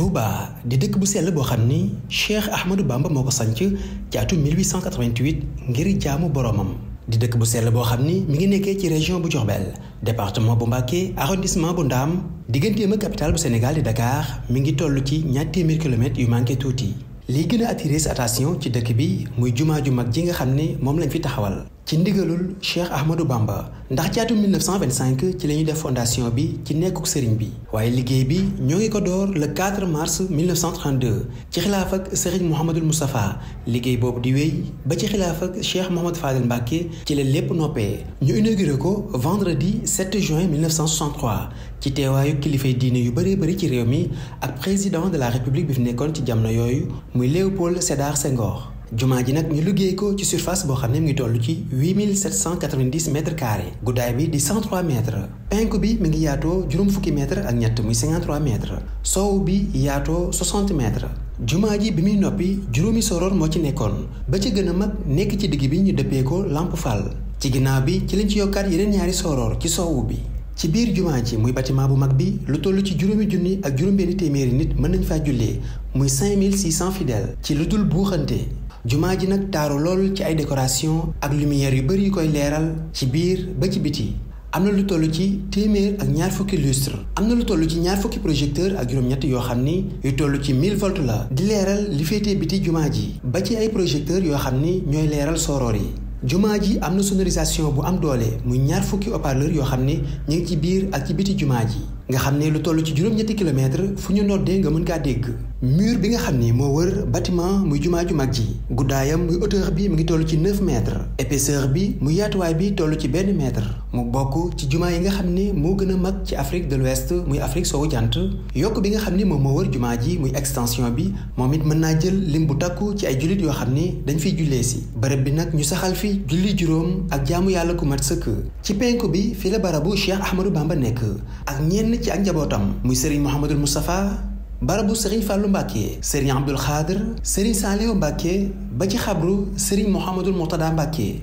Touba di dëkk bu sell boo xam ni Cheikh Ahmadou Bamba moo ko sanc ci atum 1888 ngir jaamu boroomam di dëkk bu sell boo xam ni mi ngi nekkee ci région bu Diourbel département bu Mbacké arrondissement bu Ndaam digganteem ak capitale bu Sénégal di Dakar mi ngi toll ci ñaar kilomètres yu manqué tuuti. lii gën a attiré sa ci dëkk bi muy jumaa ju mag ji nga xam ne moom lañ fi taxawal ci ndigalul Cheikh Ahmadou Bamba ndax ci atum 1925 ci la ñuy def fondation bi ci nekkuk sëriñ bi waaye liggéey bi ñoo ngi ko door le 4 mars 1932 ci xilaaf ak sëriñ Mouhamadul Moustapha liggéey boobu di wéy ba ci xilaaf ak Cheikh Mouhamad Fadel Mbacke ci la lépp noppee ñu inauguré ko vendredi 7 juin 1963 ci teewaayu kilifay diine yu bëree bëri ci réew mi ak président de la république bi fi nekkoon ci jamono yooyu muy Léopold Sédar Senghor. jumaa ji nag ñu liggéey ko ci surface boo xam ne mu ngi toll ci 8790 mètres carrés guddaay bi di 103 mètres penku bi mu ngi yaatoo juróom fukki mètres ak ñett muy 53 mètres bi yaatoo 60 mètres jumaa ji bi muy noppi juróomi soroor moo ci nekkoon ba ca gën a mag nekk ci digg bi ñu dëppee ko lamp fall ci ginnaaw bi ci lañ ci yokkaat yeneen ñaari soroor ci soowu bi ci biir jumaa ji muy bâtiment bu mag bi lu toll ci juróomi junni ak juróom benn téeméeri nit mën nañ faa jullee muy 5600 fidèles ci lu dul buuxante jumaa ji nag taaru lool ci ay décoration ak lumière yu bari yu koy leeral ci biir ba ci biti am na lu toll ci téeméer ak ñaar fukki lustre am na lu toll ci ñaar fukki projecteur ak juróom yoo xam ni yu toll ci 1000 volts la di leeral li féetee biti jumaa ji ba ci ay projecteur yoo xam ni ñooy leeral soroor yi jumaa ji am na sonorisation bu am doole muy ñaar fukki haut yoo xam ne ñu ngi ci biir ak ci biti jumaa ji nga xam ne lu toll ci juróom-ñetti fu ñu noddee nga mën kaa dégg mur bi nga xam ni moo wër batiment muy jumaa ju mag ji guddaayam muy hauteur bi mu ngi toll ci 9 mètres épaisseur bi mu yaatuwaay bi toll ci benn mètre mu bokk ci jumaa yi nga xam ni moo gën a mag ci Afrique de l'Ouest muy Afrique soowu jant yokk bi nga xam ni moom moo wër jumaa ji muy extension bi moom it mën naa jël lim bu takku ci ay jullit yoo xam ni dañ fiy jullee si bërëb bi nag ñu saxal fi julli juróom ak jaamu yàlla ku mat sëkk ci penku bi fi la barabu Cheikh Ahmadou Bamba nekk ak ñenn ci ak njabootam muy Serigne Mouhamadul Moustapha barabu sëriñ Fallou Mbacke sëriñ Abdul Xaadir sëriñ Saliou Mbacke ba ci xabru sëriñ Mouhamadul Mourtada Mbacke